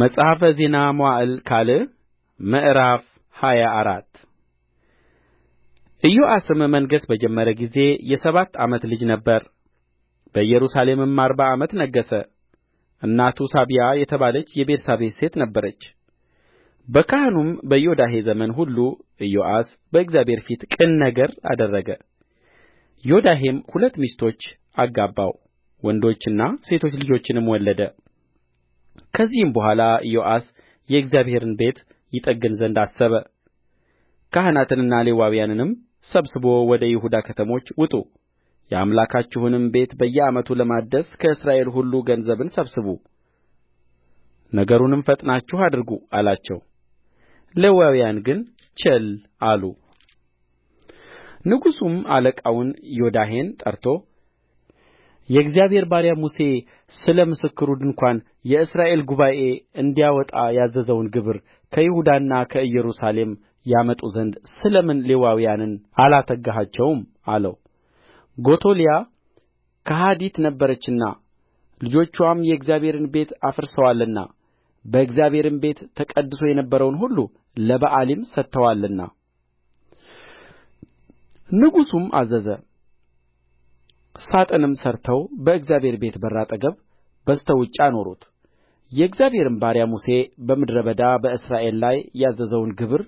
መጽሐፈ ዜና መዋዕል ካልዕ ምዕራፍ ሃያ አራት ኢዮአስም መንገሥ በጀመረ ጊዜ የሰባት ዓመት ልጅ ነበረ። በኢየሩሳሌምም አርባ ዓመት ነገሠ። እናቱ ሳቢያ የተባለች የቤርሳቤህ ሴት ነበረች። በካህኑም በዮዳሄ ዘመን ሁሉ ኢዮአስ በእግዚአብሔር ፊት ቅን ነገር አደረገ። ዮዳሄም ሁለት ሚስቶች አጋባው፣ ወንዶችና ሴቶች ልጆችንም ወለደ። ከዚህም በኋላ ኢዮአስ የእግዚአብሔርን ቤት ይጠግን ዘንድ አሰበ ካህናትንና ሌዋውያንንም ሰብስቦ ወደ ይሁዳ ከተሞች ውጡ የአምላካችሁንም ቤት በየዓመቱ ለማደስ ከእስራኤል ሁሉ ገንዘብን ሰብስቡ ነገሩንም ፈጥናችሁ አድርጉ አላቸው ሌዋውያን ግን ቸል አሉ ንጉሡም አለቃውን ዮዳሄን ጠርቶ የእግዚአብሔር ባሪያ ሙሴ ስለ ምስክሩ ድንኳን የእስራኤል ጉባኤ እንዲያወጣ ያዘዘውን ግብር ከይሁዳና ከኢየሩሳሌም ያመጡ ዘንድ ስለ ምን ሌዋውያንን አላተጋሃቸውም አለው ጎቶልያ ከሐዲት ነበረችና ልጆችዋም የእግዚአብሔርን ቤት አፍርሰዋልና በእግዚአብሔርም ቤት ተቀድሶ የነበረውን ሁሉ ለበኣሊም ሰጥተዋልና ንጉሡም አዘዘ ሣጥንም ሠርተው በእግዚአብሔር ቤት በር አጠገብ በስተ ውጭ አኖሩት የእግዚአብሔርም ባሪያ ሙሴ በምድረ በዳ በእስራኤል ላይ ያዘዘውን ግብር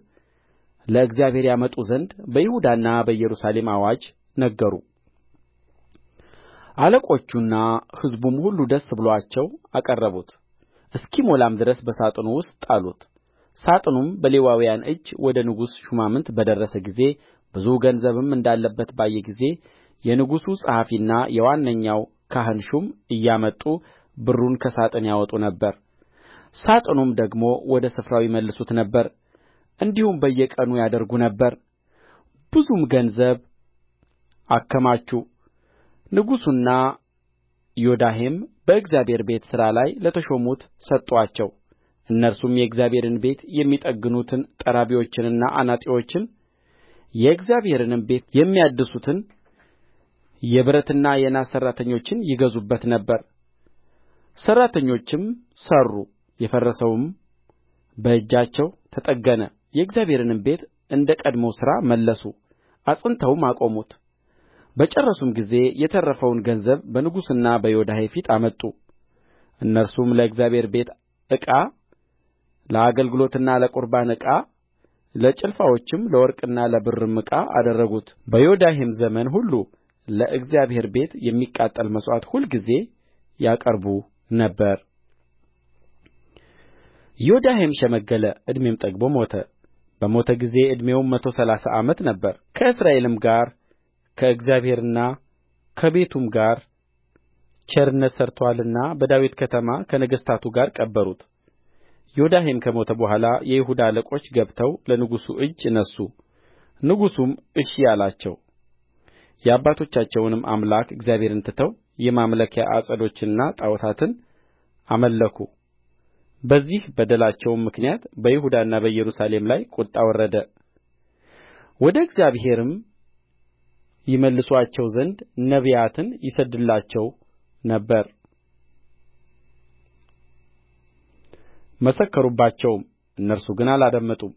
ለእግዚአብሔር ያመጡ ዘንድ በይሁዳና በኢየሩሳሌም አዋጅ ነገሩ አለቆቹና ሕዝቡም ሁሉ ደስ ብሎአቸው አቀረቡት እስኪሞላም ድረስ በሣጥኑ ውስጥ ጣሉት ሣጥኑም በሌዋውያን እጅ ወደ ንጉሡ ሹማምንት በደረሰ ጊዜ ብዙ ገንዘብም እንዳለበት ባየ ጊዜ የንጉሡ ጸሐፊና የዋነኛው ካህን ሹም እያመጡ ብሩን ከሣጥን ያወጡ ነበር ሳጥኑም ደግሞ ወደ ስፍራው ይመልሱት ነበር እንዲሁም በየቀኑ ያደርጉ ነበር ብዙም ገንዘብ አከማቹ ንጉሡና ዮዳሄም በእግዚአብሔር ቤት ሥራ ላይ ለተሾሙት ሰጡአቸው እነርሱም የእግዚአብሔርን ቤት የሚጠግኑትን ጠራቢዎችንና አናጢዎችን የእግዚአብሔርንም ቤት የሚያድሱትን የብረትና የናስ ሠራተኞችን ይገዙበት ነበር ሠራተኞችም ሠሩ የፈረሰውም በእጃቸው ተጠገነ የእግዚአብሔርንም ቤት እንደ ቀድሞው ሥራ መለሱ አጽንተውም አቆሙት በጨረሱም ጊዜ የተረፈውን ገንዘብ በንጉሡና በዮዳሄ ፊት አመጡ እነርሱም ለእግዚአብሔር ቤት ዕቃ ለአገልግሎትና ለቍርባን ዕቃ ለጭልፋዎችም ለወርቅና ለብርም ዕቃ አደረጉት በዮዳሄም ዘመን ሁሉ ለእግዚአብሔር ቤት የሚቃጠል መሥዋዕት ሁልጊዜ ያቀርቡ ነበር ዮዳሄም ሸመገለ ዕድሜም ጠግቦ ሞተ በሞተ ጊዜ ዕድሜው መቶ ሠላሳ ዓመት ነበረ ከእስራኤልም ጋር ከእግዚአብሔርና ከቤቱም ጋር ቸርነት ሠርቶአልና በዳዊት ከተማ ከነገሥታቱ ጋር ቀበሩት ዮዳሄም ከሞተ በኋላ የይሁዳ አለቆች ገብተው ለንጉሡ እጅ ነሡ ንጉሡም እሺ አላቸው የአባቶቻቸውንም አምላክ እግዚአብሔርን ትተው የማምለኪያ ዐፀዶችንና ጣዖታትን አመለኩ በዚህ በደላቸውም ምክንያት በይሁዳና በኢየሩሳሌም ላይ ቍጣ ወረደ ወደ እግዚአብሔርም ይመልሱአቸው ዘንድ ነቢያትን ይሰድድላቸው ነበር መሰከሩባቸውም እነርሱ ግን አላደመጡም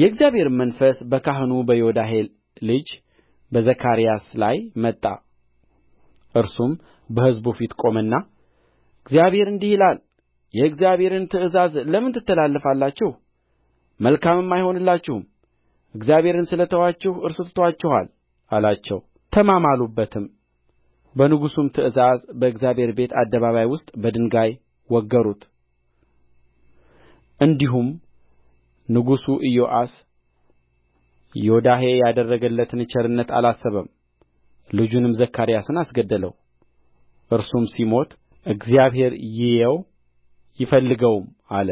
የእግዚአብሔርም መንፈስ በካህኑ በዮዳሄ ልጅ በዘካርያስ ላይ መጣ እርሱም በሕዝቡ ፊት ቆመና እግዚአብሔር እንዲህ ይላል የእግዚአብሔርን ትእዛዝ ለምን ትተላለፋላችሁ መልካምም አይሆንላችሁም እግዚአብሔርን ስለ ተዋችሁ እርሱ ትቶአችኋል አላቸው ተማማሉበትም በንጉሡም ትእዛዝ በእግዚአብሔር ቤት አደባባይ ውስጥ በድንጋይ ወገሩት እንዲሁም ንጉሡ ኢዮአስ ዮዳሄ ያደረገለትን ቸርነት አላሰበም ልጁንም ዘካርያስን አስገደለው እርሱም ሲሞት እግዚአብሔር ይየው ይፈልገውም አለ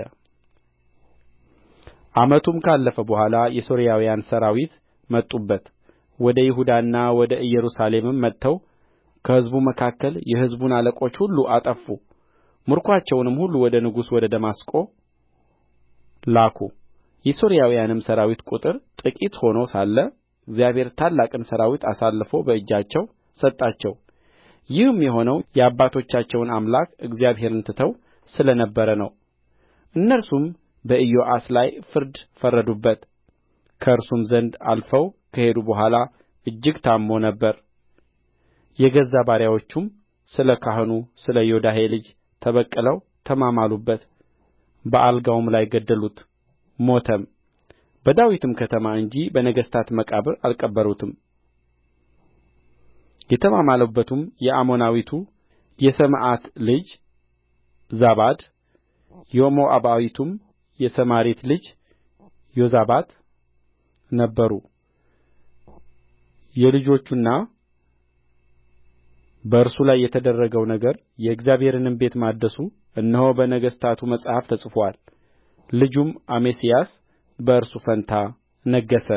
ዓመቱም ካለፈ በኋላ የሶርያውያን ሠራዊት መጡበት ወደ ይሁዳና ወደ ኢየሩሳሌምም መጥተው ከሕዝቡ መካከል የሕዝቡን አለቆች ሁሉ አጠፉ ምርኮአቸውንም ሁሉ ወደ ንጉሡ ወደ ደማስቆ ላኩ የሶርያውያንም ሠራዊት ቍጥር ጥቂት ሆኖ ሳለ እግዚአብሔር ታላቅን ሠራዊት አሳልፎ በእጃቸው ሰጣቸው ይህም የሆነው የአባቶቻቸውን አምላክ እግዚአብሔርን ትተው ስለ ነበረ ነው እነርሱም በኢዮአስ ላይ ፍርድ ፈረዱበት ከእርሱም ዘንድ አልፈው ከሄዱ በኋላ እጅግ ታምሞ ነበር የገዛ ባሪያዎቹም ስለ ካህኑ ስለ ዮዳሄ ልጅ ተበቅለው ተማማሉበት በአልጋውም ላይ ገደሉት ሞተም በዳዊትም ከተማ እንጂ በነገሥታት መቃብር አልቀበሩትም የተማማሉበትም የአሞናዊቱ የሰምዓት ልጅ ዛባድ የሞዓባዊቱም የሰማሪት ልጅ ዮዛባት ነበሩ የልጆቹና በእርሱ ላይ የተደረገው ነገር የእግዚአብሔርንም ቤት ማደሱ እነሆ በነገሥታቱ መጽሐፍ ተጽፎአል ልጁም አሜስያስ በእርሱ ፋንታ ነገሠ